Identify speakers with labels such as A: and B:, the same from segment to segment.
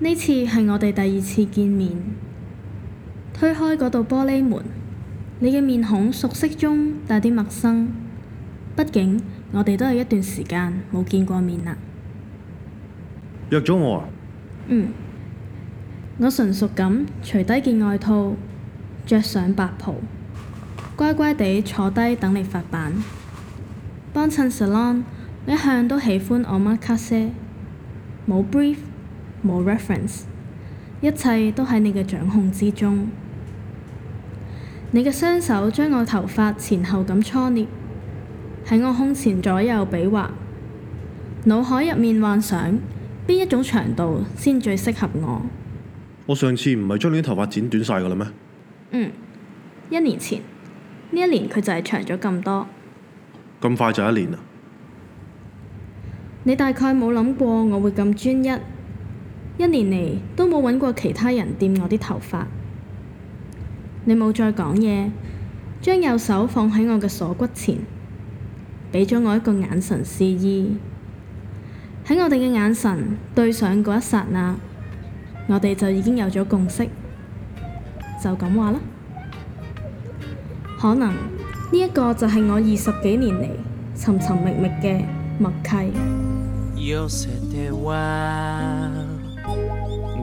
A: 呢次係我哋第二次見面，推開嗰道玻璃門，你嘅面孔熟悉中帶啲陌生，畢竟我哋都有一段時間冇見過面啦。約咗我啊？嗯，我純熟咁除低件外套，着上白袍，乖乖地坐低等你發板，幫襯 salon。我一向都喜歡我媽卡些，冇 brief。無 reference，一切都喺你嘅掌控之中。你嘅雙手將我頭髮前後咁搓捏，喺我胸前左右比劃。腦海入面幻想邊一種長度先最適合我。我上次唔係將你啲頭髮剪短晒㗎啦咩？嗯，一年前，呢一年佢就係長咗咁多。咁快就一年啦？你大概冇諗過我會咁專一。一年嚟都冇揾過其他人掂我啲頭髮，你冇再講嘢，將右手放喺我嘅鎖骨前，俾咗我一個眼神示意。喺我哋嘅眼神對上嗰一剎那，我哋就已經有咗共識，就咁話啦。可能呢一個就係我二十幾年嚟尋尋覓覓嘅默契。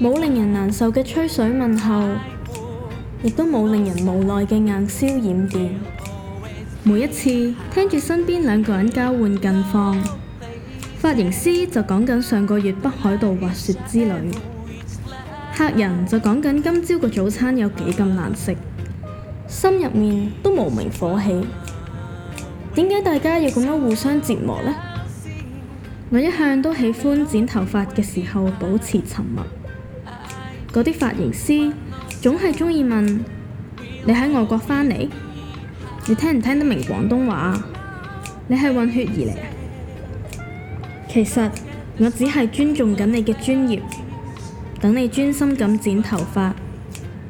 A: 冇令人難受嘅吹水問候，亦都冇令人無奈嘅硬銷染電。每一次聽住身邊兩個人交換近況，髮型師就講緊上個月北海道滑雪之旅，客人就講緊今朝個早餐有幾咁難食，心入面都無名火氣。點解大家要咁樣互相折磨呢？我一向都喜歡剪頭髮嘅時候保持沉默。有啲髮型師總係鍾意問你喺外國翻嚟，你聽唔聽得明廣東話？你係混血兒嚟啊？其實我只係尊重緊你嘅專業，等你專心咁剪頭髮，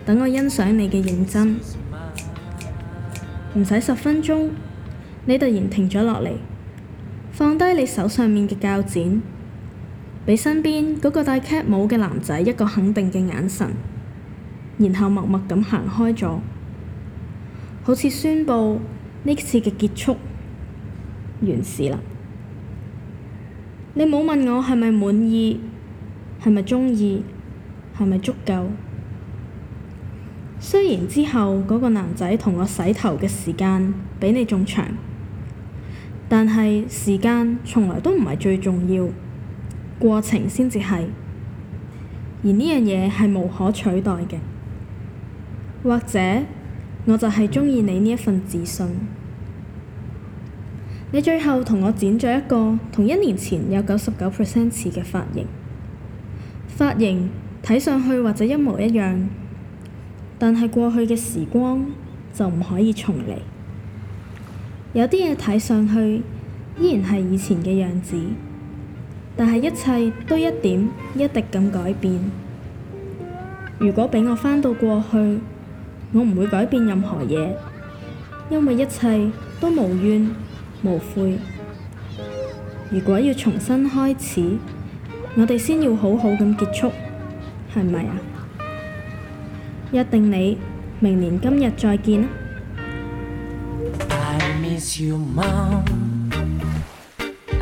A: 等我欣賞你嘅認真。唔使十分鐘，你突然停咗落嚟，放低你手上面嘅鉸剪。畀身邊嗰個戴 cap 帽嘅男仔一個肯定嘅眼神，然後默默咁行開咗，好似宣布呢次嘅結束完事啦。你冇問我係咪滿意，係咪鍾意，係咪足夠？雖然之後嗰個男仔同我洗頭嘅時間比你仲長，但係時間從來都唔係最重要。過程先至係，而呢樣嘢係無可取代嘅。或者，我就係鍾意你呢一份自信。你最後同我剪咗一個，同一年前有九十九 percent 似嘅髮型。髮型睇上去或者一模一樣，但係過去嘅時光就唔可以重嚟。有啲嘢睇上去依然係以前嘅樣子。但係一切都一點一滴咁改變。如果俾我翻到過去，我唔會改變任何嘢，因為一切都無怨無悔。如果要重新開始，我哋先要好好咁結束，係咪啊？約定你，明年今日再見
B: 啊！